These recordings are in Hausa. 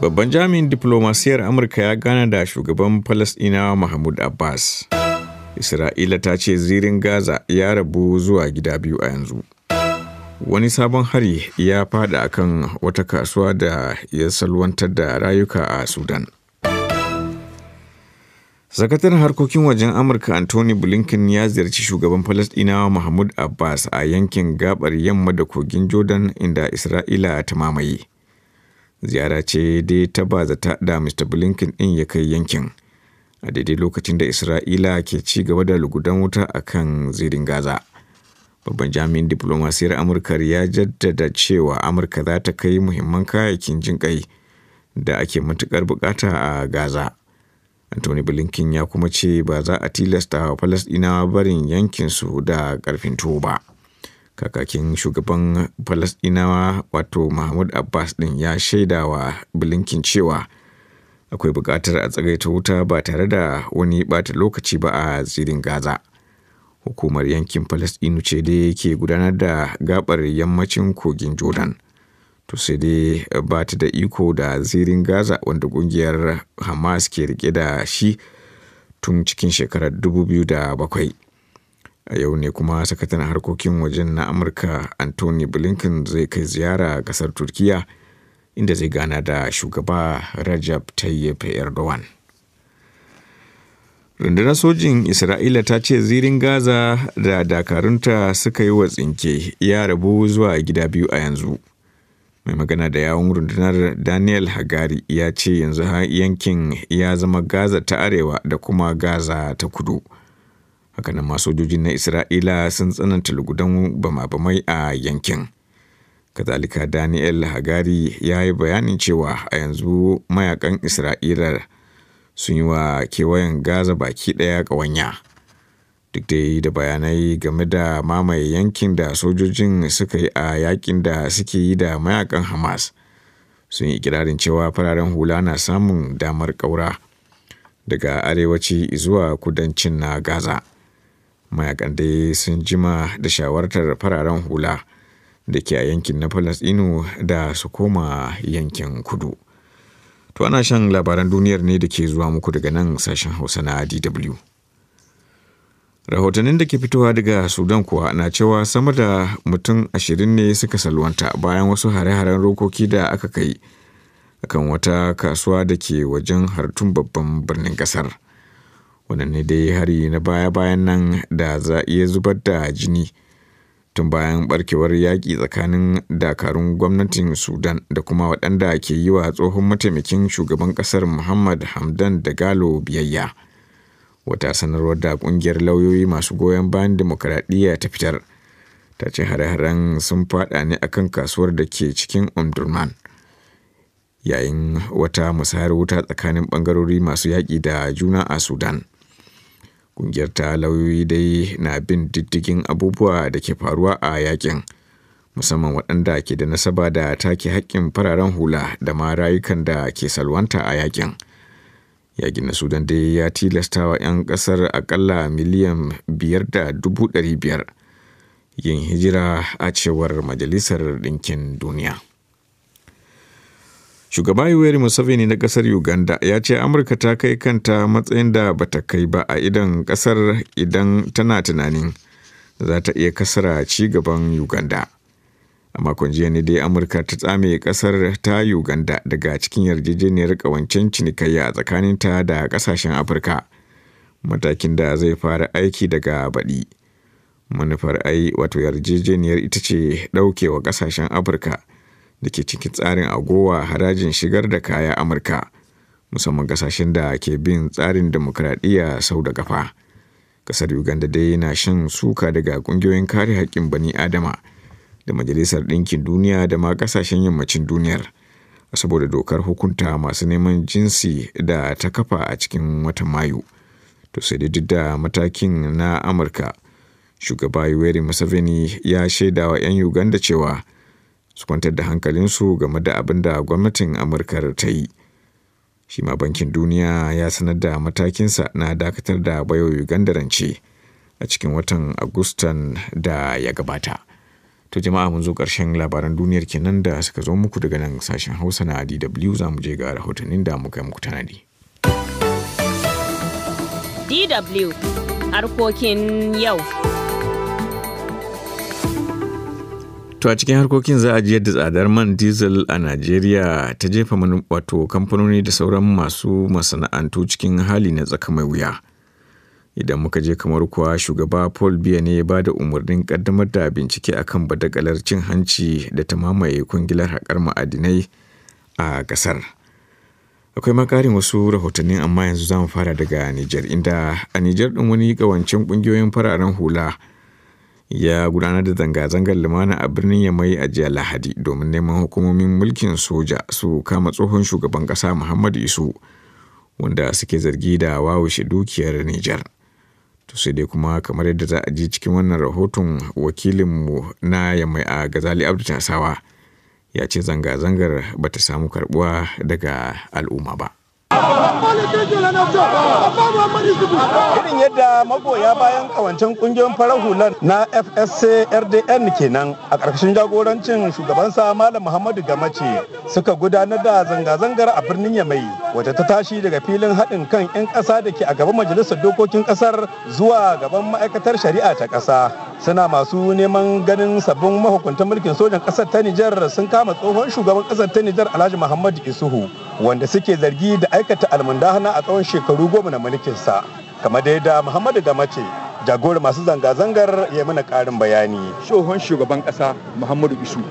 Babban jami'in diplomasiyar Amurka ya gana da shugaban Falasɗinawa Mahmud Abbas. Isra'ila ta ce zirin Gaza ya rabu zuwa gida biyu a yanzu. Wani sabon hari ya fada kan wata kasuwa da ya salwantar da rayuka a Sudan. Sakataren harkokin wajen Amurka Anthony Blinken ya ziyarci shugaban Falasɗinawa Mahmud Abbas a yankin gabar yamma da kogin Jordan inda Isra'ila ta mamaye. ziyara ce dai ta bazata da mr blinken ɗin ya kai yankin a daidai lokacin da isra'ila ke ci gaba da lugudan wuta a kan zirin gaza babban jami'in diplomasiyar amurka ya jaddada cewa amurka za ta kai muhimman kayayyakin jin kai da ake matukar bukata a gaza anthony blinken ya kuma ce ba za a tilasta wa falasɗinawa barin yankinsu da karfin tuwo ba kakakin shugaban falasdinawa wato mahmud abbas din ya shaida wa bilinkin cewa akwai buƙatar a tsagaita wuta ba tare da wani bata lokaci ba a zirin gaza hukumar yankin falasɗinu ce dai ke gudanar da gabar yammacin kogin jordan to sai dai ba ta da iko da zirin gaza wanda ƙungiyar hamas ke rike da shi tun cikin shekarar 2007 a yau ne kuma sakataren harkokin wajen na amurka anthony blinken zai kai ziyara kasar turkiya inda zai gana da shugaba rajab tayyip erdogan rundunar sojin isra'ila ta ce zirin gaza da dakarunta suka yi wa tsinke ya rabu zuwa gida biyu a yanzu mai magana da yawon rundunar daniel hagari ya ce yanzu yankin ya zama gaza ta arewa da kuma gaza ta kudu hakanan ma sojojin na isra'ila sun tsananta lugudan bama-bamai a yankin kazalika daniel hagari ya yi bayanin cewa a yanzu mayakan isra'ila sun yi wa kewayen gaza baki ɗaya ƙawanya duk dai da bayanai game da mamaye yankin da sojojin suka yi a yakin da suke yi da mayakan hamas sun yi ikirarin cewa fararen hula na samun damar ƙaura daga arewaci zuwa kudancin na gaza mayakan da sun jima da shawartar fararen hula da ke a yankin na Falasɗinu da su koma yankin kudu. To ana shan labaran duniyar ne da ke zuwa muku daga nan sashen Hausa na DW. Rahotannin da ke fitowa daga Sudan kuwa na cewa sama da mutum ashirin ne suka salwanta bayan wasu hare-haren rokoki da aka kai akan wata kasuwa da ke wajen hartun babban birnin kasar. waɗanne dai hari na baya-bayan nan da za iya zubar da jini tun bayan barkewar yaƙi tsakanin dakarun gwamnatin sudan da kuma waɗanda ke yi wa tsohon mataimakin shugaban ƙasar muhammad hamdan da galo biyayya wata sanarwar da ƙungiyar lauyoyi masu goyon bayan dimokuraɗiyya ta fitar ta ce hare-haren sun fada ne a kan kasuwar da ke cikin umdurman yayin wata musayar wuta tsakanin ɓangarori masu yaƙi da juna a sudan Ƙungiyar ta lauyoyi dai na bin diddigin abubuwa da ke faruwa a yakin musamman waɗanda ke da nasaba da take haƙƙin fararen hula da ma rayukan da ke salwanta a yakin. Yakin na Sudan dai ya tilastawa 'yan ƙasar aƙalla miliyan biyar da dubu yin hijira a cewar Majalisar Ɗinkin Duniya. Shugaba Yoweri Museveni na kasar Uganda ya ce Amurka ta kai kanta matsayin da ba ta kai ba a idan kasar idan tana tunanin za ta iya kasara ci gaban Uganda. A makon jiya ne dai Amurka ta tsame kasar ta Uganda daga cikin yarjejeniyar kawancin cinikayya tsakanin ta da kasashen Afirka. Matakin da zai fara aiki daga baɗi. Manufar ai wato yarjejeniyar ita ce ɗaukewa kasashen Afirka. da ke cikin tsarin agowa harajin shigar da kaya amurka musamman kasashen da ke bin tsarin demokradiyya sau da kafa Ƙasar uganda dai na shan suka daga ƙungiyoyin kare haƙƙin bani adama da majalisar ɗinkin duniya da ma kasashen yammacin duniyar saboda dokar hukunta masu neman jinsi da ta kafa a cikin watan mayu to sai dai duk da matakin na amurka shugaba yoweri museveni ya shaidawa 'yan uganda cewa su kwantar da hankalinsu game da abin da gwamnatin amurka ta yi shi ma bankin duniya ya sanar da matakinsa na dakatar da bayoyi uganda rance a cikin watan agustan da ya gabata to jama'a mun zo karshen labaran duniyar kenan da suka zo muku daga nan sashen hausa na dw za mu je ga rahotannin da muka muku tanadi dw harkokin yau To a cikin harkokin za a ji yadda tsadar man diesel a Najeriya ta jefa wato kamfanoni da sauran masu masana'antu cikin hali na tsaka mai wuya. Idan muka je kamar kuwa shugaba Paul Biya ne ya ba da umarnin kaddamar da bincike akan badakalar cin hanci da ta mamaye kungilar haƙar ma'adinai a ƙasar. Akwai makarin wasu rahotanni, amma yanzu za mu fara daga Nijar inda a Nijar ɗin wani ƙawancin ƙungiyoyin fararen hula. ya gudanar da zanga-zangar lumana a birnin Yamai a jiya Lahadi domin neman hukumomin mulkin soja su kama tsohon shugaban kasa muhammad Isu wanda suke zargi da wawashe dukiyar Nijar. To sai dai kuma kamar yadda za a ji cikin wannan rahoton wakilinmu na Yamai a Gazali Abdu Tasawa ya ce zanga-zangar ba ta samu karbuwa daga al'umma ba. Irin yadda magoya bayan kawancen kungiyoyin farar hular na FSC RDN kenan a ƙarƙashin jagorancin shugabansa Malam Muhammadu Gamace suka gudanar da zanga-zangar a birnin Yamai wace ta tashi daga filin haɗin kan 'yan ƙasa da ke a gaban Majalisar Dokokin ƙasar zuwa gaban ma'aikatar shari'a ta ƙasa. Suna masu neman ganin sabbin mahukuntan mulkin sojan ƙasar ta Nijar sun kama tsohon shugaban ƙasar ta Nijar Alhaji Muhammadu Isuhu. wanda suke zargi da aikata almundahana a tsawon shekaru goma na mulkinsa kamar da yadda muhammadu da mace jagorar masu zanga-zangar ya mana karin bayani tsohon shugaban kasa muhammadu isu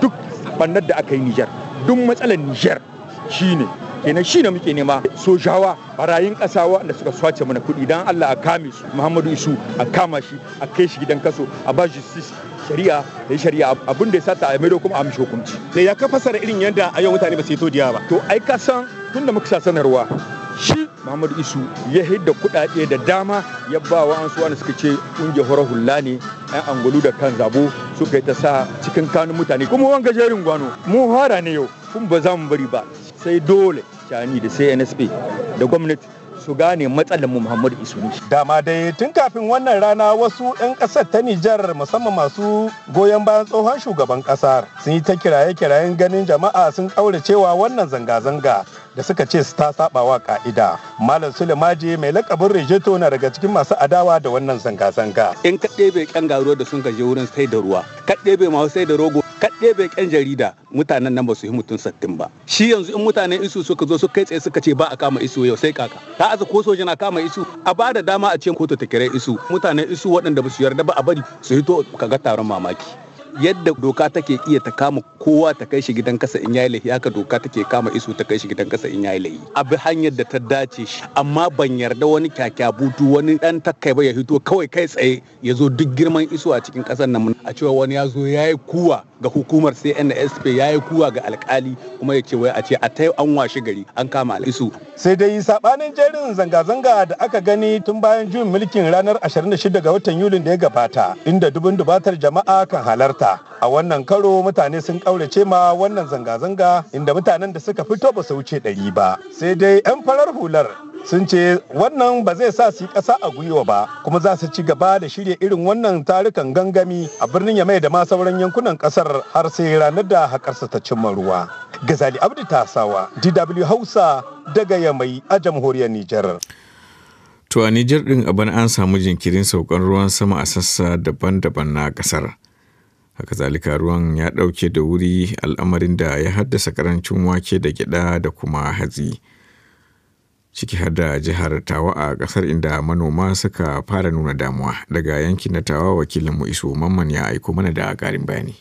duk bannar da aka yi nijar duk matsalar nijar shine kenan shi ne muke nema sojawa barayin ƙasa da suka swace mana kuɗi don allah a kame su muhammadu isu a kama shi a kai shi gidan kaso a ba justice shari'a da shari'a abin da ya sata a maido kuma a mishi hukunci da ya ka fasara irin yadda a yau mutane ba su yi to diya ba to ai ka san tunda muka sa sanarwa shi Muhammadu Isu ya hidda kuɗaɗe da dama ya ba wa an suwa suka ce ƙungiyar horar hula ne ‘yan angulu da kan zabo suka yi ta sa cikin kanun mutane kuma wanga jerin gwano mu hara ne yau kun ba za mu bari ba sai dole shani da sai NSP da gwamnati su gane matsalar mu Muhammadu Isuni. Dama dai tun kafin wannan rana wasu 'yan ƙasar ta Nijar musamman masu goyon bayan tsohon shugaban ƙasar sun yi ta kiraye-kirayen ganin jama'a sun cewa wannan zanga-zanga da suka ce su ta saba wa ka'ida. Malam Sulemaje mai lakabin Rejeto na daga cikin masu adawa da wannan zanga-zanga. In ka ɗebe ƙyan garuwa da sun gaje wurin sai da ruwa, ka ɗebe masu sai da rogo kaɗe bai ƙyan jarida mutanen nan ba su yi mutum sattin ba shi yanzu in mutanen isu suka zo su kai tsaye suka ce ba a kama isu yau sai kaka ta aza ko soja na kama isu a ba da dama a ce kotu ta kira isu mutanen isu waɗanda ba su yarda ba a bari su hito kaga taron mamaki yadda doka take iya ta kama kowa ta kai shi gidan kasa in yayi laifi haka doka take kama isu ta kai shi gidan kasa in yayi laifi abi hanyar da ta dace shi amma ban yarda wani kyakya butu wani dan takai ba ya hito kawai kai tsaye ya zo duk girman isu a cikin kasar nan a cewa wani ya zo yayi kuwa ga hukumar CNSP yayi kuwa ga alkali kuma ya ce wai a ce a tai an washe gari an kama isu sai dai sabanin jerin zanga-zanga da aka gani tun bayan juyin mulkin ranar 26 ga watan Yulin da ya gabata inda dubun dubatar jama'a kan halarta ta a wannan karo mutane sun kaurace ma wannan zanga-zanga inda mutanen da suka fito ba su wuce ɗari ba sai dai 'yan farar hular sun ce wannan ba zai sa su yi ƙasa a gwiwa ba kuma za su ci gaba da shirya irin wannan tarukan gangami a birnin yamai da ma sauran yankunan ƙasar har sai ranar da haƙarsa ta cimma ruwa gazali abdu tasawa dw hausa daga yamai a jamhuriyar nijar To a Nijar ɗin a bana an samu jinkirin saukan ruwan sama a sassa daban-daban na ƙasar. haka zalika ruwan ya ɗauke da wuri al'amarin da ya haddasa karancin wake da gyaɗa da kuma hatsi ciki har da jihar tawa a ƙasar inda manoma suka fara nuna damuwa daga yankin na tawa wakilinmu iso mamman ya aiko mana da ƙarin bayani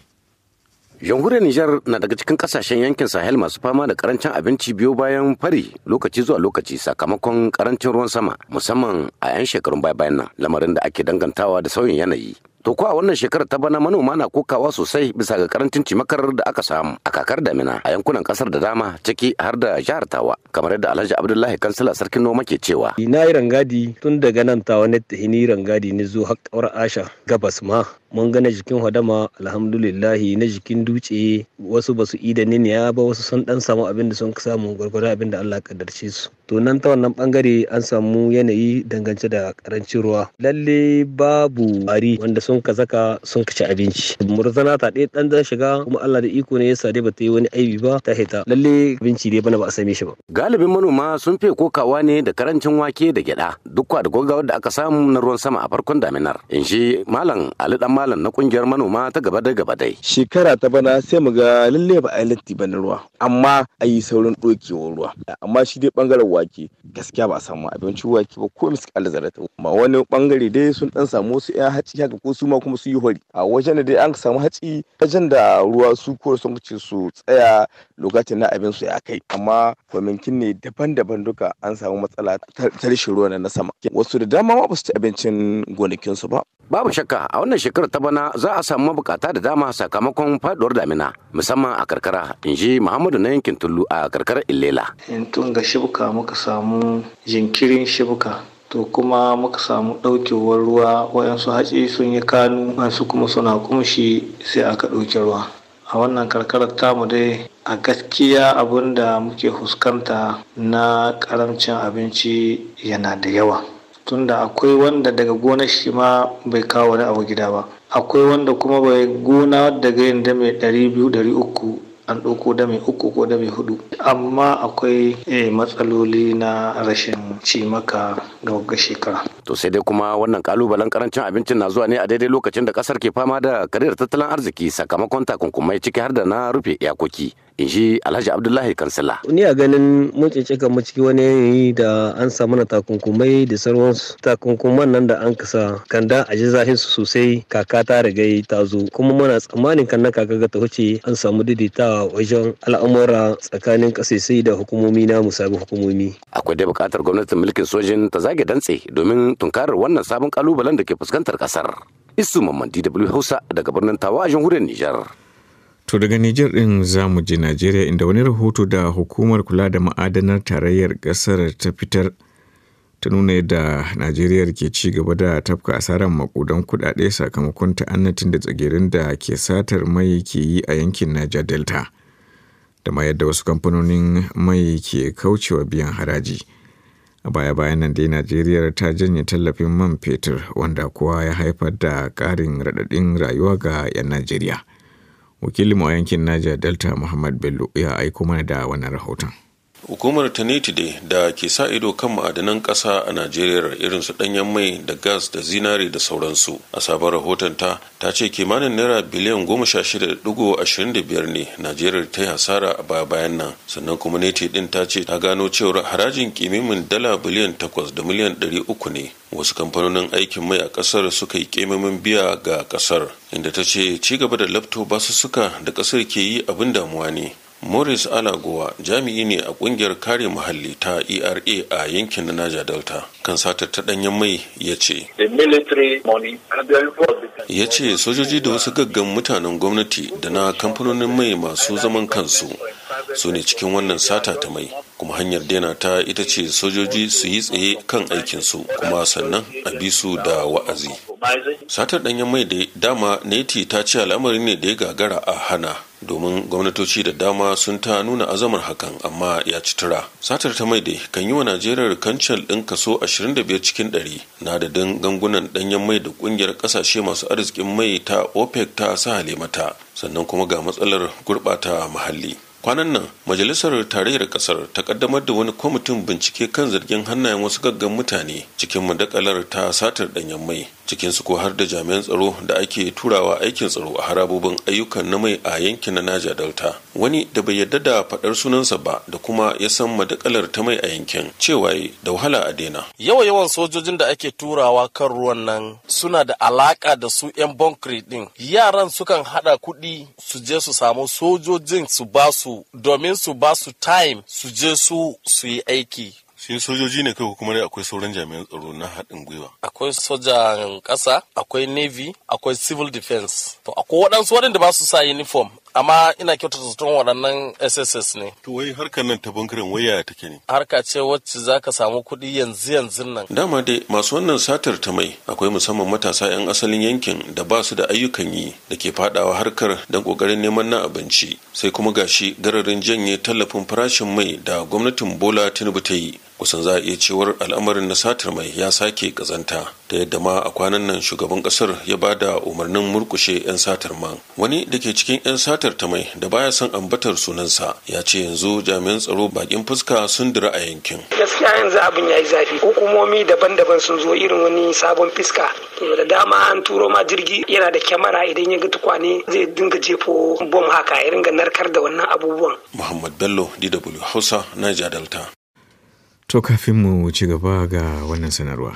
jamhuriyar nijar na daga cikin kasashen yankin sahel masu fama da karancin abinci biyo bayan fari lokaci zuwa lokaci sakamakon karancin ruwan sama musamman a 'yan shekarun baya bayan nan lamarin da ake dangantawa da sauyin yanayi To a wannan shekarar ta bana manoma na kokawa sosai bisa ga karancin cimakar da aka samu a kakar damina a yankunan kasar da dama ciki har da jihar Tawa kamar yadda Alhaji Abdullahi Kansila sarkin noma ke cewa. Ina yi rangadi tun daga nan Tawa na tahini rangadi ni zo har Asha gabas ma mun gana jikin hadama alhamdulillahi na jikin dutse wasu ba su ida ya ba wasu sun dan samu abin da sun samu gwargwado abin da Allah kaddarce su to nan ta wannan bangare an samu yanayi dangance da karancin ruwa lalle babu bari wanda sun ka zaka sun ka ci abinci murzana ta ɗaya dan dan shiga kuma Allah da iko ne yasa dai ta yi wani aibi ba ta hita lalle abinci dai bana ba a same shi ba galibin manoma sun fi kokawa ne da karancin wake da gyada duk da gwaggawar da aka samu na ruwan sama a farkon daminar in shi malam Ali dan malam na kungiyar manoma ta gaba da gaba dai shekara ta bana sai mu ga lalle ba a latti ba na ruwa amma a yi saurin ɗokewar ruwa amma shi dai bangaren wake gaskiya ba a samu abincin wake ba ko miski ta ma wani bangare dai sun dan samu wasu yan haci haka ko su ma kuma su yi hori a wajen da dai an samu haci wajen da ruwa su ko sun su tsaya lokacin na abin su ya kai amma kwaminkin ne daban-daban duka an samu matsala ta rashin ruwa na sama wasu da dama ma ba su ci abincin gonakinsu ba Babu shakka a wannan shekarar ta bana za a samu mabukata da dama sakamakon faduwar damina musamman a karkara inji ji Muhammadu na yankin tullu a karkarar Ilela. In tun ga shibuka muka samu jinkirin shibuka to kuma muka samu ɗaukewar ruwa wayansu hatsi sun yi kanu wayansu kuma suna kumshi sai aka ɗauki ruwa. A wannan karkarar tamu dai a gaskiya abin da muke fuskanta na karamcin abinci yana da yawa. tunda akwai wanda daga gona shi ma bai kawo wani abu gida ba akwai wanda kuma bai gona daga yin dame 200-300 an ɗauko dame uku ko dame hudu amma akwai eh, matsaloli na rashin cimaka ga wagga shekara to sai dai kuma wannan kalubalen karancin abincin na zuwa ne a daidai lokacin da kasar ke fama da karyar tattalin arziki sakamakon takunkumai ciki har da na rufe iyakoki in ji alhaji abdullahi kansila ni a ganin mun cece kan ciki wani yanayi da an samu na takunkumai da sauransu takunkuman nan da an kasa kanda da a ji zahin su sosai kaka ta riga ta zo kuma muna tsammanin kan na kaka ga ta huce an samu daidaitawa wajen al'amura tsakanin kasasai da hukumomi na musabi hukumomi akwai da bukatar gwamnatin mulkin sojin ta zage dantse domin tunkarar wannan sabon kalubalen da ke fuskantar kasar isu mamman dw hausa daga birnin tawa a jamhuriyar nijar To daga Nijar ɗin za mu je Najeriya inda wani rahoto da hukumar kula da ma'adanar tarayyar ƙasar ta fitar ta nuna yadda Najeriya ke ci gaba da tafka asarar makudan kuɗaɗe sakamakon ta'annatin da tsagerin da ke satar mai ke yi a yankin Niger Delta da ma yadda wasu kamfanonin mai ke kaucewa biyan haraji. A baya-bayan nan dai Najeriya ta janye tallafin man fetur wanda kowa ya haifar da ƙarin raɗaɗin rayuwa ga 'yan Najeriya. wakilin mu a yankin Niger Delta Muhammad Bello ya aiko mana da wannan rahoton. hukumar tanitide da ke sa ido kan ma'adanan ƙasa a najeriya irin su ɗanyen mai da gas da zinare da sauransu a sabon rahoton ta ta ce kimanin naira biliyan goma sha shida da ashirin da biyar ne najeriya ta yi hasara a baya bayan nan sannan kuma neti din ta ce ta gano cewar harajin kimimin dala biliyan takwas da miliyan ɗari uku ne wasu kamfanonin aikin mai a kasar suka yi kimimin biya ga kasar inda ta ce ci gaba da lafto suka da kasar ke yi abin damuwa ne morris alagowa jami'i ne a kungiyar kare muhalli ta era a yankin naja delta kan satar ta danyen mai ya ce ya ce sojoji da wasu gaggan mutanen gwamnati da na kamfanonin mai masu zaman kansu su ne cikin wannan sata ta mai kuma hanyar daina ta ita ce sojoji su yi tsaye kan aikinsu kuma sannan a bi su da wa'azi satar danyen mai da dama neti ta ce al'amari ne da ya gagara a hana domin gwamnatoci da dama sun ta nuna azamar hakan amma ya ci tura satar ta maide kan yi wa najeriya rikancin ɗin kaso 25 cikin 100 na da gangunan ɗanyen mai da ƙungiyar ƙasashe masu arzikin mai ta opec ta sa mata sannan kuma ga matsalar gurɓata muhalli kwanan nan majalisar tarayyar kasar ta kaddamar da wani kwamitin bincike kan zargin hannayen wasu gaggan mutane cikin madakalar ta satar danyen mai cikin su ko har da jami'an tsaro da ake turawa aikin tsaro a harabobin ayyukan na mai a yankin na naja delta wani da bai yarda da faɗar sunansa ba da kuma ya san madakalar ta mai a yankin cewa da wahala a daina yawa yawan sojojin da ake turawa kan ruwan nan suna da alaka da su yan bonkri din yaran sukan hada kuɗi su je su samu sojojin su ba su domin su ba su time su je su su yi aiki shi sojoji ne kai kuma akwai sauran jami'an tsaro na haɗin gwiwa akwai sojan ƙasa akwai navy akwai civil defense to akwai waɗansu waɗanda ba su sa uniform amma ina kyautata zaton waɗannan sss ne to wai harkar nan ta bangaren waya take ne harka ce wacce za ka samu kuɗi yanzu yanzu nan dama dai masu wannan satar ta mai akwai musamman matasa 'yan asalin yankin da ba su da ayyukan yi da ke fadawa harkar don ƙoƙarin neman na abinci sai kuma gashi gararin janye tallafin farashin mai da gwamnatin bola tinubu ta yi kusan za a iya cewar al'amarin na satar mai ya sake kazanta ta yadda ma a kwanan nan shugaban kasar ya ba da umarnin murkushe 'yan satar man wani da ke cikin 'yan satar ta mai da baya son ambatar sunansa ya ce yanzu jami'an tsaro bakin fuska sun dira a yankin gaskiya yanzu abin ya yi zafi hukumomi daban-daban sun zo irin wani sabon fiska da dama an turo ma jirgi yana da kyamara idan ya ga tukwane zai dinga jefo bom haka ya ringa narkar da wannan abubuwan muhammad bello dw hausa niger delta To kafin mu ci gaba ga wannan sanarwa.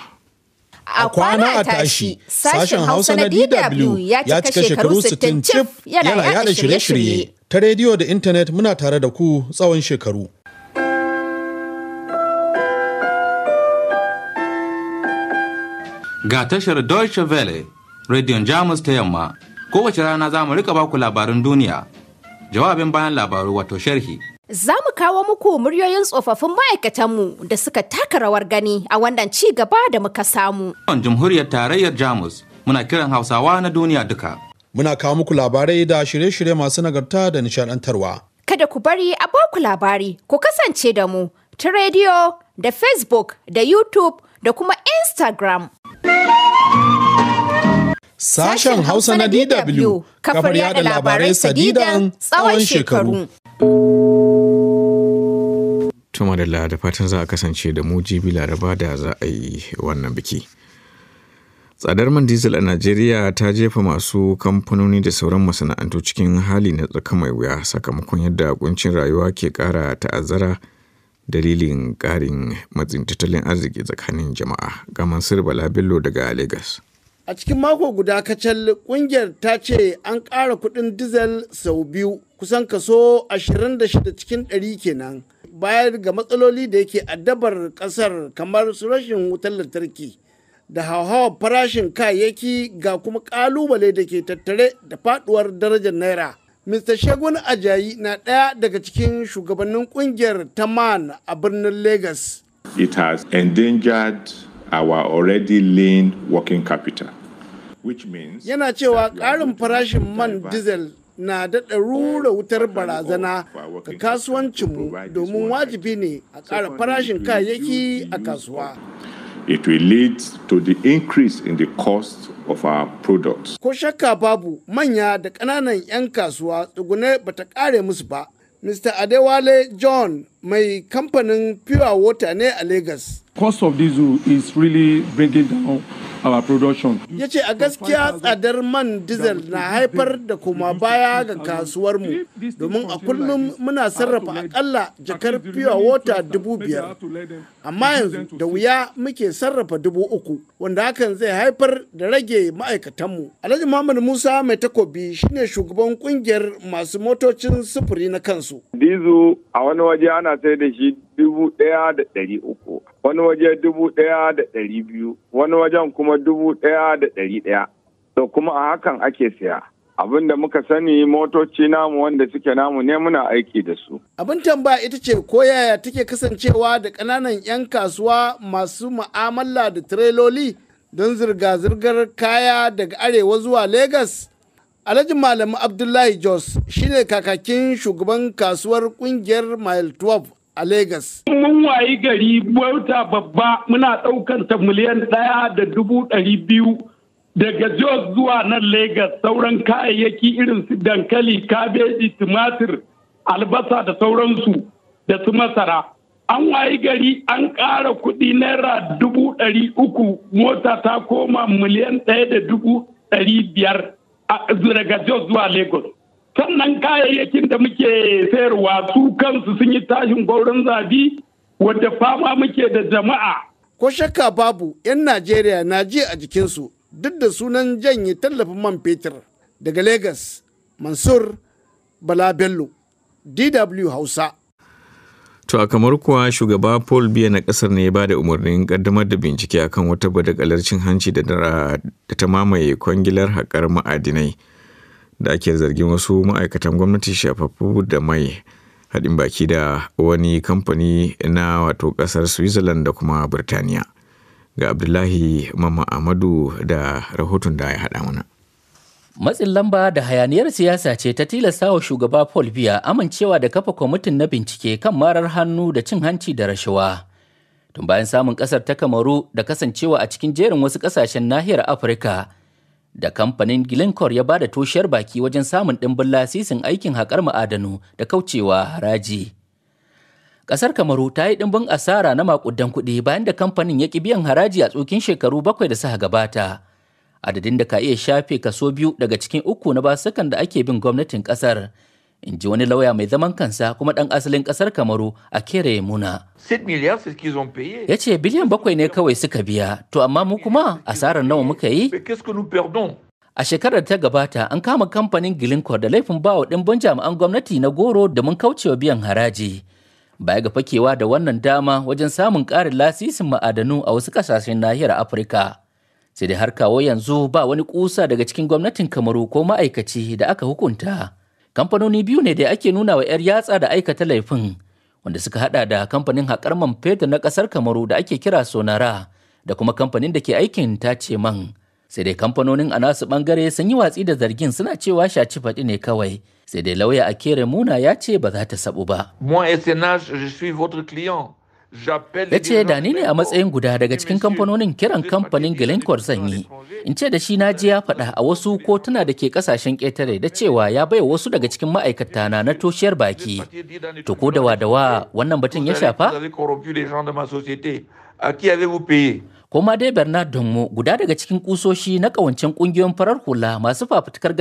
A kwana a tashi, sashen Hausa na DW ya cika shekaru 60 cif yana yada shirye-shirye. Ta rediyo da intanet muna tare da ku tsawon shekaru. Ga tashar Deutsche Welle, rediyon Jamus ta yamma, kowace rana za mu rika baku labarin duniya, jawabin bayan labaru wato sharhi. Za mu kawo muku muryoyin tsofaffin ma'aikatanmu da suka taka rawar gani a wannan ci gaba da muka samu. Jamhuriyar Tarayyar Jamus muna kiran Hausawa na duniya duka. Muna kawo muku labarai da shirye-shirye masu nagarta da nishadantarwa. Kada ku bari a ku labari, ku kasance da mu ta rediyo da Facebook da YouTube da kuma Instagram. Sashen Hausa na DW kafar yada labarai sadidan tsawon shekaru. Tuma da da fatan za a kasance da mu jibi laraba da za a yi wannan biki. Tsadar man diesel a Najeriya ta jefa masu kamfanoni da sauran masana'antu cikin hali na tsaka mai wuya sakamakon yadda kuncin rayuwa ke kara ta'azzara dalilin karin matsin tattalin arziki tsakanin jama'a. Ga Mansur Bala Bello daga Lagos. a cikin mako guda kacal kungiyar ta ce an ƙara kuɗin dizal sau biyu kusan kaso 26 cikin 100 kenan bayar ga matsaloli da yake addabar ƙasar kamar su rashin wutar lantarki da hauhawar farashin kayayyaki ga kuma ƙalubale da ke tattare da faɗuwar darajar naira mr shagun ajayi na ɗaya daga cikin shugabannin kungiyar Man a birnin Legas. it has endangered our already lean working capital. yana cewa ƙarin farashin man diesel na daɗa rura wutar barazana ga kasuwancinmu domin wajibi ne a ƙara farashin kayayyaki a kasuwa. It will lead to the increase in the cost of our products. Ko shakka babu manya da ƙananan 'yan kasuwa tsugune bata ƙare musu ba. Mr. Adewale John mai kamfanin Pure Water ne a Lagos. Cost of diesel is really bringing down our production. Ya ce a gaskiya tsadar man diesel na haifar da koma baya ga kasuwar mu domin a kullum muna sarrafa akalla jakar pure wata dubu biyar. amma yanzu da wuya muke sarrafa dubu uku wanda hakan zai haifar da rage ma'aikatanmu alhaji muhammad musa mai takobi shine shugaban kungiyar masu motocin sufuri na kansu dizu a wani waje ana sai da shi dubu ɗaya da ɗari uku wani waje dubu ɗaya da ɗari biyu wani wajen kuma dubu ɗaya da ɗari ɗaya da kuma a hakan ake saya. abin da muka sani motoci namu wanda suke namu ne muna aiki da su. Abin tambaya ita ce ko yaya take kasancewa da ƙananan 'yan kasuwa masu ma'amala da tireloli don zirga-zirgar kaya daga arewa zuwa Legas? Alhaji Malam Abdullahi Jos shine kakakin shugaban kasuwar kungiyar Mile 12 a Legas. Mun wayi gari bauta babba muna ɗaukar miliyan ɗaya da dubu ɗari biyu daga Jos zuwa nan Legas sauran kayayyaki irin su dankali, kabeji, tumatir, albasa da sauransu da su masara. An wayi gari an ƙara kuɗi naira dubu ɗari uku mota ta koma miliyan ɗaya da dubu ɗari biyar daga Jos zuwa Lagos. Sannan kayayyakin da muke sayarwa su kansu sun yi tashin gwauron zabi wadda fama muke da jama'a. Ko shakka babu 'yan Najeriya na ji a jikinsu duk da sunan janye tallafin man fetur daga Legas Mansur Bala Bello DW Hausa. To a kamar kuwa shugaba Paul Biya na kasar ne ya ba da umarnin kaddamar da bincike akan wata bada cin hanci da dara da ta mamaye kwangilar haƙar ma'adinai da ake zargin wasu ma'aikatan gwamnati shafaffu da mai haɗin baki da wani kamfani na wato ƙasar Switzerland da kuma Birtaniya. ga Abdullahi Mama Amadu da rahoton da ya haɗa mana. Matsin lamba da hayaniyar siyasa ce ta tilastawa shugaba Paul Biya amincewa da kafa kwamitin na bincike kan marar hannu da cin hanci da rashawa. Tun bayan samun ƙasar ta Kamaru da kasancewa a cikin jerin wasu ƙasashen nahiyar Afirka da kamfanin Glencore ya bada toshiyar baki wajen samun ɗimbin lasisin aikin haƙar ma'adanu da kaucewa haraji. Ƙasar Kamaru ta yi ɗimbin asara na makudan kuɗi bayan da kamfanin ya ƙi biyan haraji a tsokin shekaru bakwai da suka gabata. Adadin da ka iya shafe kaso biyu daga cikin uku na basukan da ake bin gwamnatin ƙasar. in ji wani lauya mai zaman kansa kuma ɗan asalin ƙasar kamaru a kere muna ya ce biliyan bakwai ne kawai suka biya to amma mu kuma asarar nawa muka yi a shekarar ta gabata an kama kamfanin gilinkor da laifin bawa ɗimbin jami'an gwamnati na goro da mun kaucewa biyan haraji baya ga fakewa da wannan dama wajen samun ƙarin lasisin ma'adanu a wasu ƙasashen nahiyar afirka sai dai har kawo yanzu ba wani kusa daga cikin gwamnatin kamaru ko ma'aikaci da aka hukunta kamfanoni biyu ne da ake nuna wa 'yar yatsa da aikata laifin wanda suka hada da kamfanin haƙar man fetur na ƙasar kamaru da ake kira sonara da kuma kamfanin da ke aikin tace man sai dai kamfanonin a nasu bangare sun yi watsi da zargin suna cewa shaci faɗi ne kawai sai dai lauya a kere muna ya ce ba za ta sabu ba. Ya ce da ni ne a matsayin guda daga cikin kamfanonin kiran kamfanin Glencore zan yi. In ce da shi na ji ya faɗa a wasu kotuna da ke ƙasashen ƙetare da cewa ya bai wasu daga cikin ma'aikata na na toshiyar baki. To ko da wadawa wannan batun ya shafa? Koma dai Bernard Donmo guda daga cikin kusoshi na ƙawancen ƙungiyoyin farar hula masu fafutukar